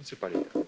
municipalidad.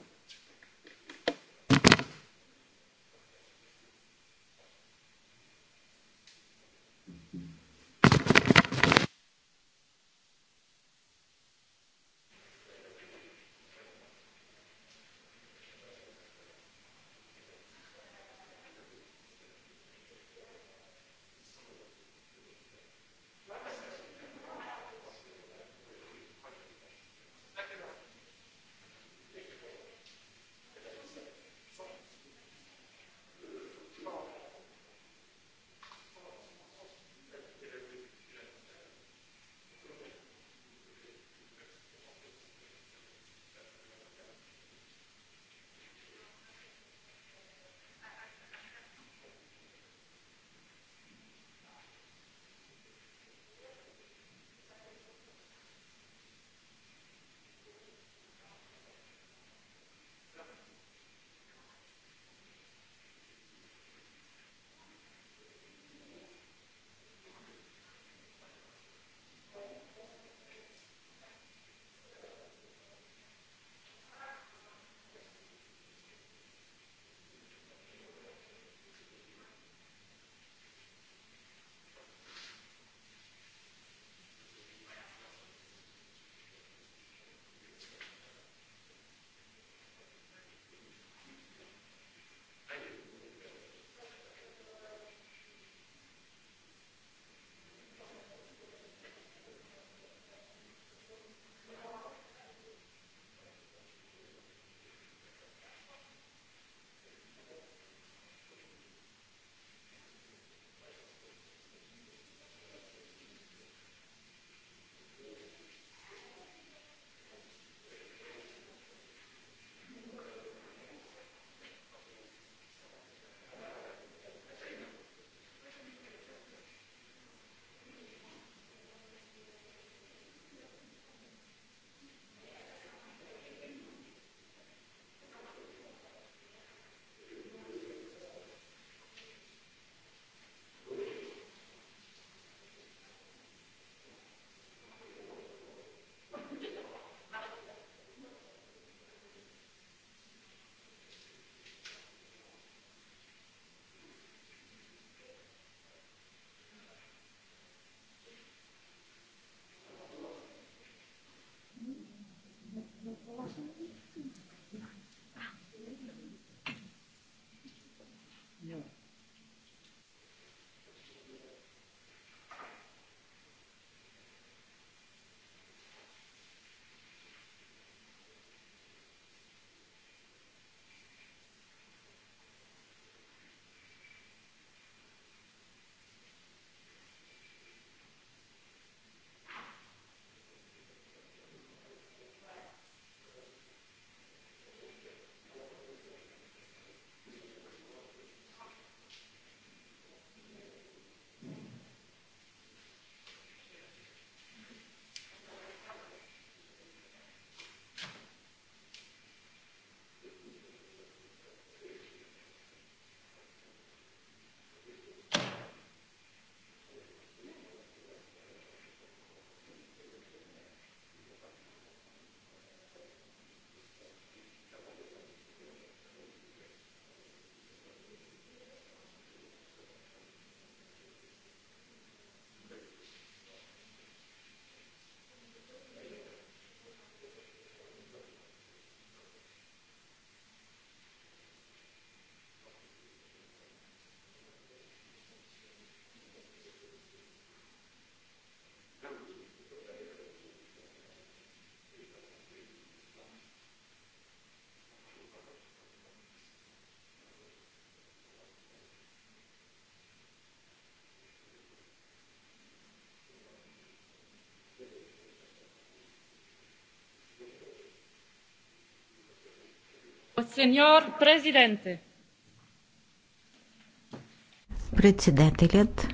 Председателят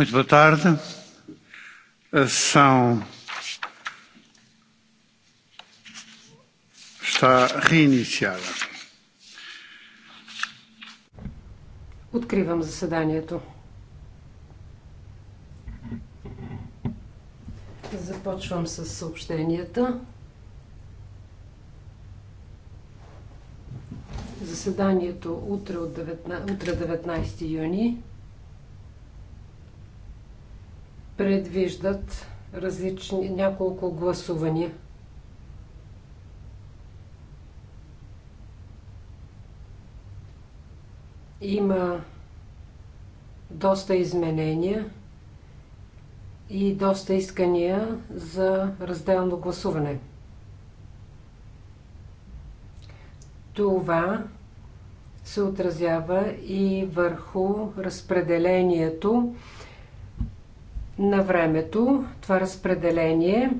Muito boa tarde. São. Está reiniciada. Откривам заседанието. Започвам с съобщенията. Заседанието утре, от 19, утре 19 юни предвиждат различни, няколко гласувания. Има доста изменения и доста искания за разделно гласуване. Това се отразява и върху разпределението на времето. Това разпределение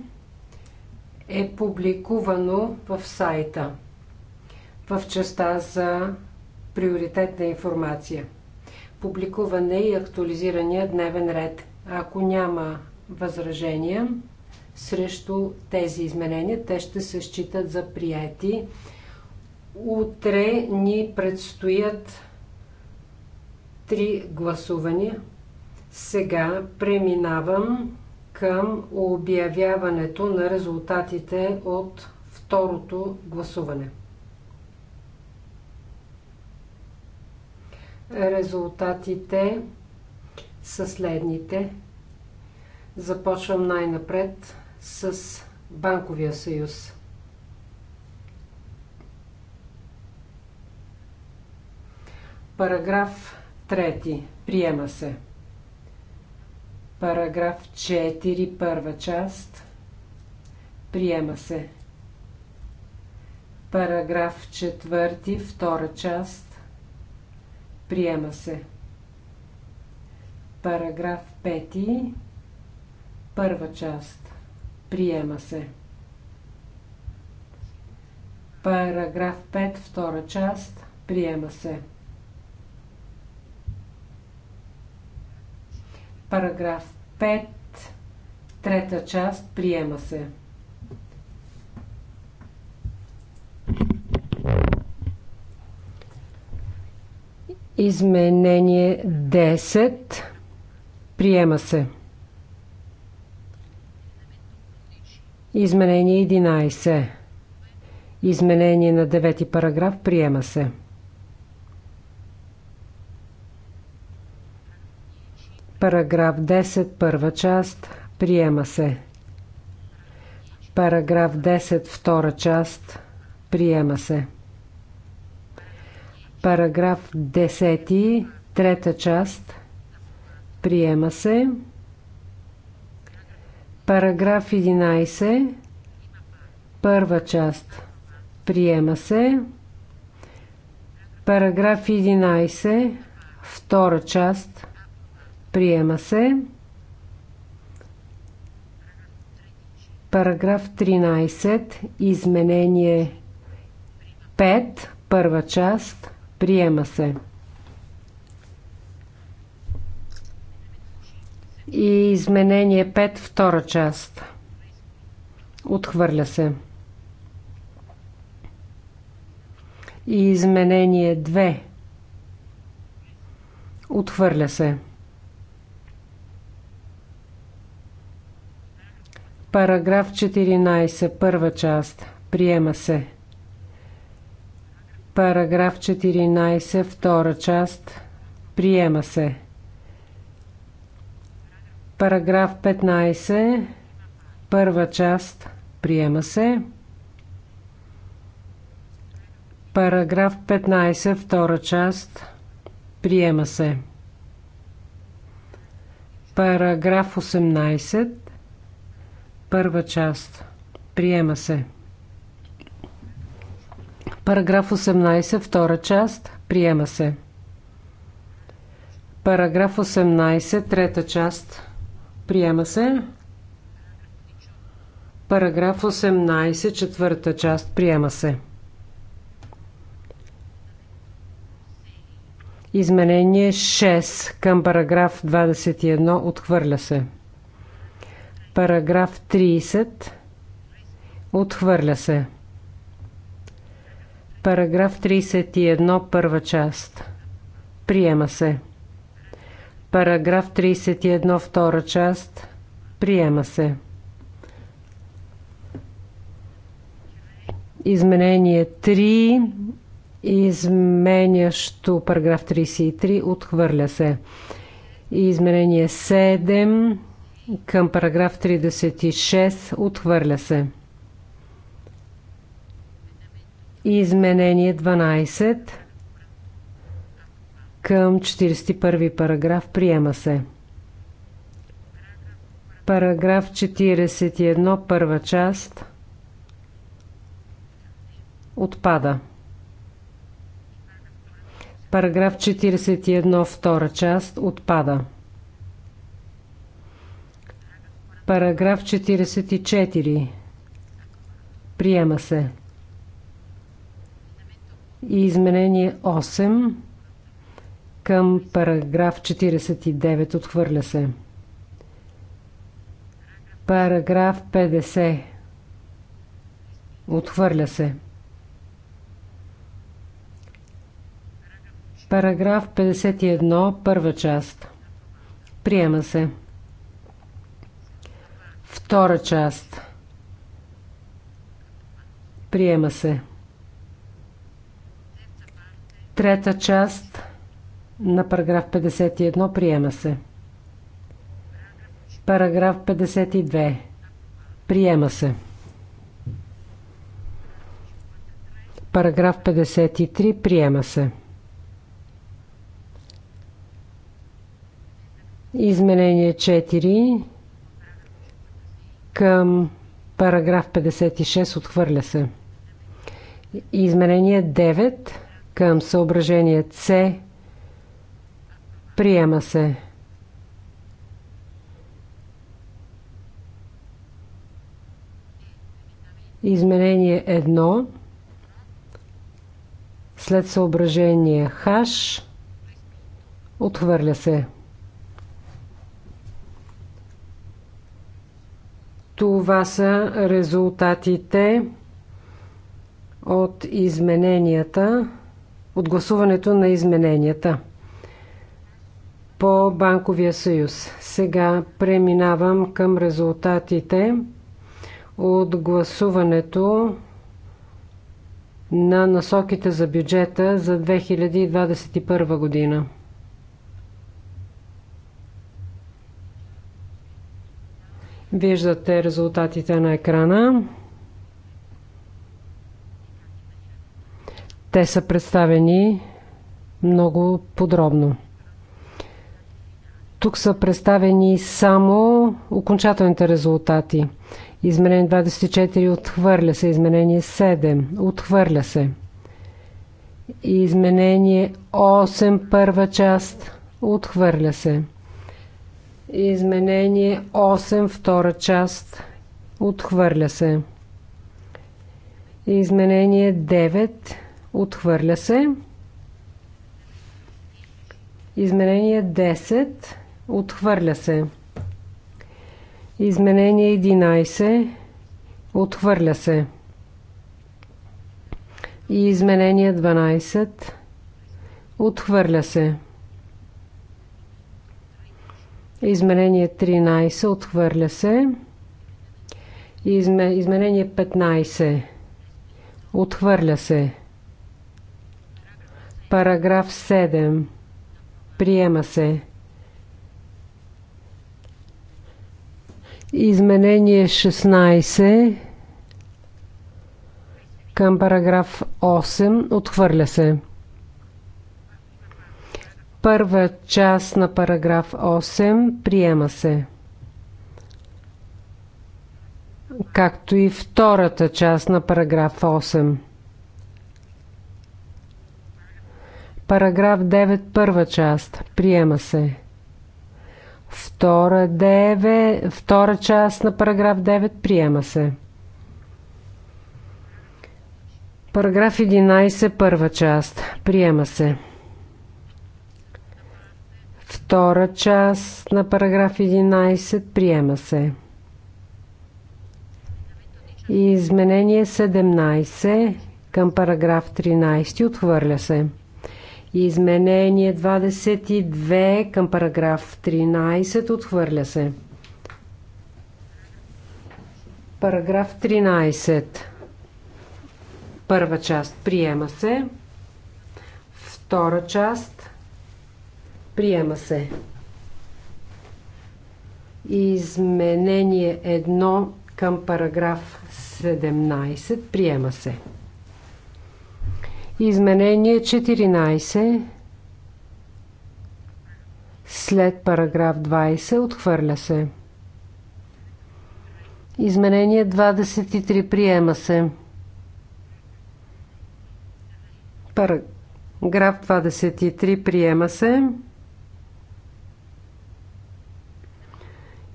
е публикувано в сайта в частта за приоритетна информация. Публикуване и актуализирания дневен ред. Ако няма възражения срещу тези изменения, те ще се считат за прияти. Утре ни предстоят три гласувания. Сега преминавам към обявяването на резултатите от второто гласуване. Резултатите са следните. Започвам най-напред с Банковия съюз. Параграф 3. Приема се. Параграф 4, първа част. Приема се. Параграф 4, втора част. Приема се. Параграф 5, първа част. Приема се. Параграф 5, втора част. Приема се. Параграф 5, трета част, приема се. Изменение 10. Приема се. Изменение 11. Изменение на 9 параграф. Приема се. Параграф 10, първа част. Приема се. Параграф 10, втора част. Приема се. Параграф 10, трета част. Приема се. Параграф 11, първа част. Приема се. Параграф 11, втора част. Приема се. Параграф 13. Изменение 5. Първа част. Приема се. И изменение 5. Втора част. Отхвърля се. И изменение 2. Отхвърля се. Параграф 14, първа част. Приема се. Параграф 14, втора част. Приема се. Параграф 15, първа част. Приема се. Параграф 15, втора част. Приема се. Параграф 18. Първа част. Приема се. Параграф 18, втора част. Приема се. Параграф 18, трета част. Приема се. Параграф 18, четвърта част. Приема се. Изменение 6 към параграф 21 отхвърля се. Параграф 30. Отхвърля се. Параграф 31. Първа част. Приема се. Параграф 31. Втора част. Приема се. Изменение 3. Изменящо параграф 33. Отхвърля се. Изменение 7 към параграф 36. Отхвърля се. Изменение 12 към 41 параграф приема се. Параграф 41, първа част отпада. Параграф 41, втора част отпада. Параграф 44. Приема се. И изменение 8 към параграф 49 отхвърля се. Параграф 50 отхвърля се. Параграф 51, първа част. Приема се. Втора част. Приема се. Трета част на параграф 51 приема се. Параграф 52 приема се. Параграф 53 приема се. Изменение 4 към параграф 56 отхвърля се. Изменение 9 към съображение С приема се. Изменение 1 след съображение Х отхвърля се. Това са резултатите от измененията, от гласуването на измененията по Банковия съюз. Сега преминавам към резултатите от гласуването на насоките за бюджета за 2021 година. Виждате резултатите на екрана. Те са представени много подробно. Тук са представени само окончателните резултати. Изменение 24 отхвърля се, изменение 7 отхвърля се. Изменение 8 първа част отхвърля се. Изменение 8, втора част. Отхвърля се. Изменение 9. Отхвърля се. Изменение 10. Отхвърля се. Изменение 11. Отхвърля се. И изменение 12. Отхвърля се. Изменение 13 отхвърля се. Изме, изменение 15 отхвърля се. Параграф 7 приема се. Изменение 16 към параграф 8 отхвърля се. Първа част на параграф 8 приема се. Както и втората част на параграф 8. Параграф 9 първа част приема се. Втора, 9, втора част на параграф 9 приема се. Параграф 11 първа част приема се. Втора част на параграф 11 приема се. И изменение 17 към параграф 13 отхвърля се. И изменение 22 към параграф 13 отхвърля се. Параграф 13. Първа част приема се. Втора част Приема се. Изменение 1 към параграф 17. Приема се. Изменение 14 след параграф 20 отхвърля се. Изменение 23 приема се. Параграф 23 приема се.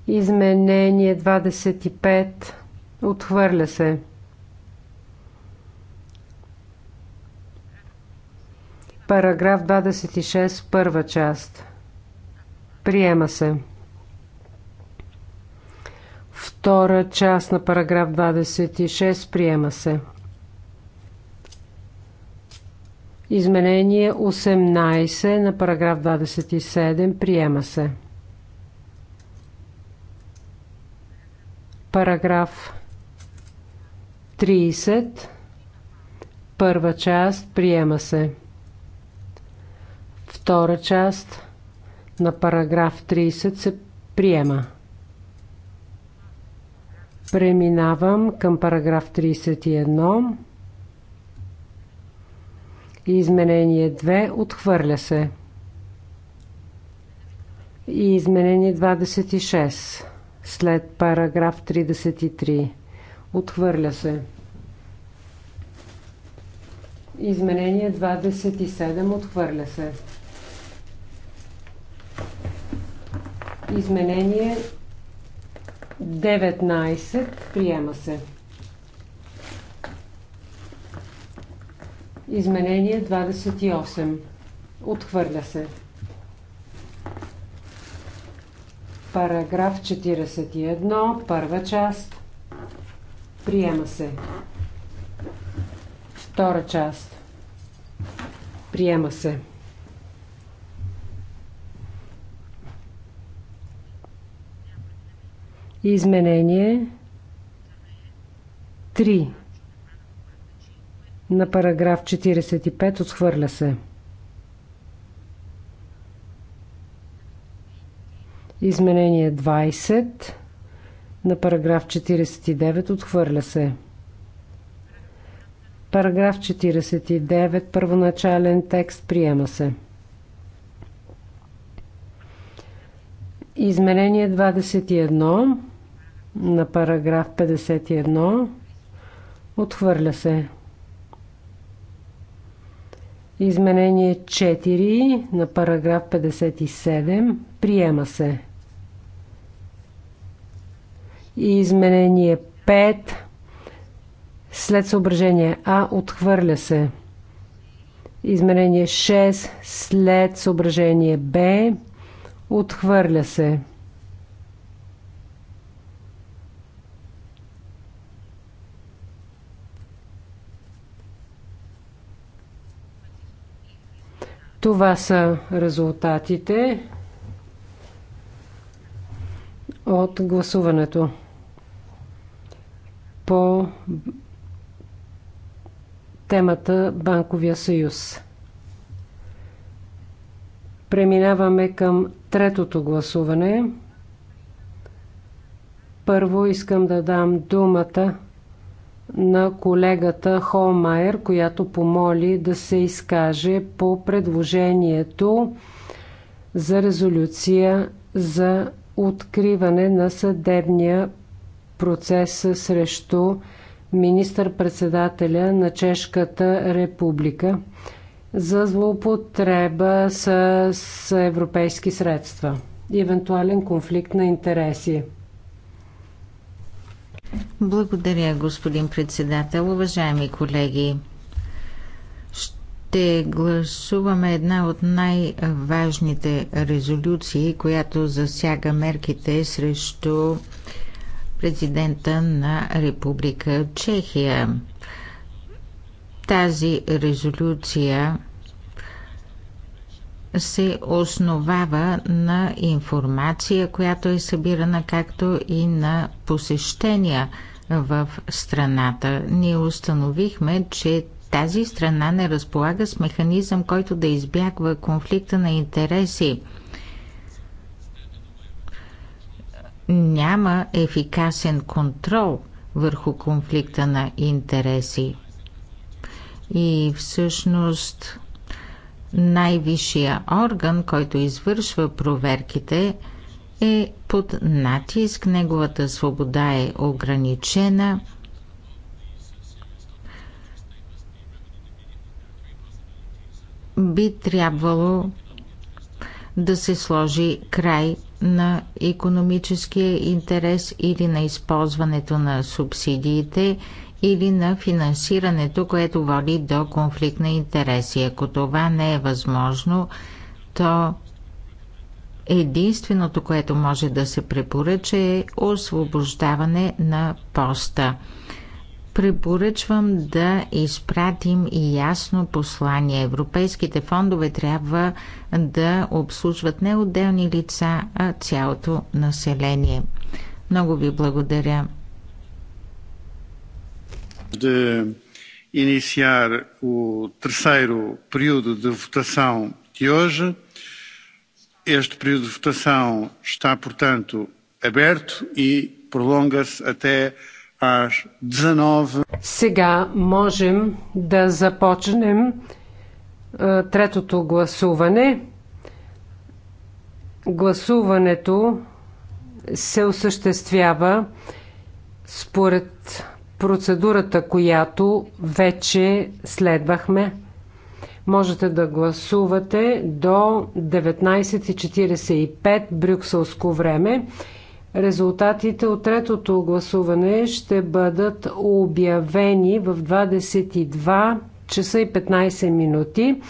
Изменение 25. Отхвърля се. Параграф 26, първа част. Приема се. Втора част на параграф 26 приема се. Изменение 18 на параграф 27 приема се. Параграф 30. Първа част приема се. Втора част на параграф 30 се приема. Преминавам към параграф 31. Изменение 2 отхвърля се. И изменение 26 след параграф 33. Отхвърля се. Изменение 27 отхвърля се. Изменение 19 приема се. Изменение 28 отхвърля се. Параграф 41, първа част. Приема се. Втора част. Приема се. Изменение 3 на параграф 45 отхвърля се. Изменение 20 на параграф 49 отхвърля се. Параграф 49, първоначален текст, приема се. Изменение 21 на параграф 51 отхвърля се. Изменение 4 на параграф 57 приема се. И изменение 5 след съображение А отхвърля се. Изменение 6 след съображение Б отхвърля се. Това са резултатите от гласуването по темата Банковия съюз. Преминаваме към третото гласуване. Първо искам да дам думата на колегата Холмайер, която помоли да се изкаже по предложението за резолюция за откриване на съдебния процес срещу министър-председателя на Чешката република за злоупотреба с европейски средства и евентуален конфликт на интереси. Благодаря, господин председател. Уважаеми колеги, ще гласуваме една от най-важните резолюции, която засяга мерките срещу президента на Република Чехия. Тази резолюция се основава на информация, която е събирана, както и на посещения в страната. Ние установихме, че тази страна не разполага с механизъм, който да избягва конфликта на интереси. Няма ефикасен контрол върху конфликта на интереси. И всъщност най-висшия орган, който извършва проверките, е под натиск, неговата свобода е ограничена. Би трябвало да се сложи край на економическия интерес или на използването на субсидиите или на финансирането, което води до конфликт на интереси. Ако това не е възможно, то единственото, което може да се препоръча е освобождаване на поста. Препоръчвам да изпратим ясно послание. Европейските фондове трябва да обслужват не отделни лица, а цялото население. Много ви благодаря de iniciar o terceiro período de votação de hoje. Este período de votação está, portanto, aberto e prolonga-se até às 19. Сега можем да започнем третото гласуване. Гласуването се осъществява според процедурата, която вече следвахме. Можете да гласувате до 19.45 брюкселско време. Резултатите от третото гласуване ще бъдат обявени в 22 часа и 15 минути.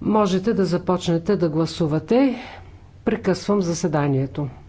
Можете да започнете да гласувате. Прекъсвам заседанието.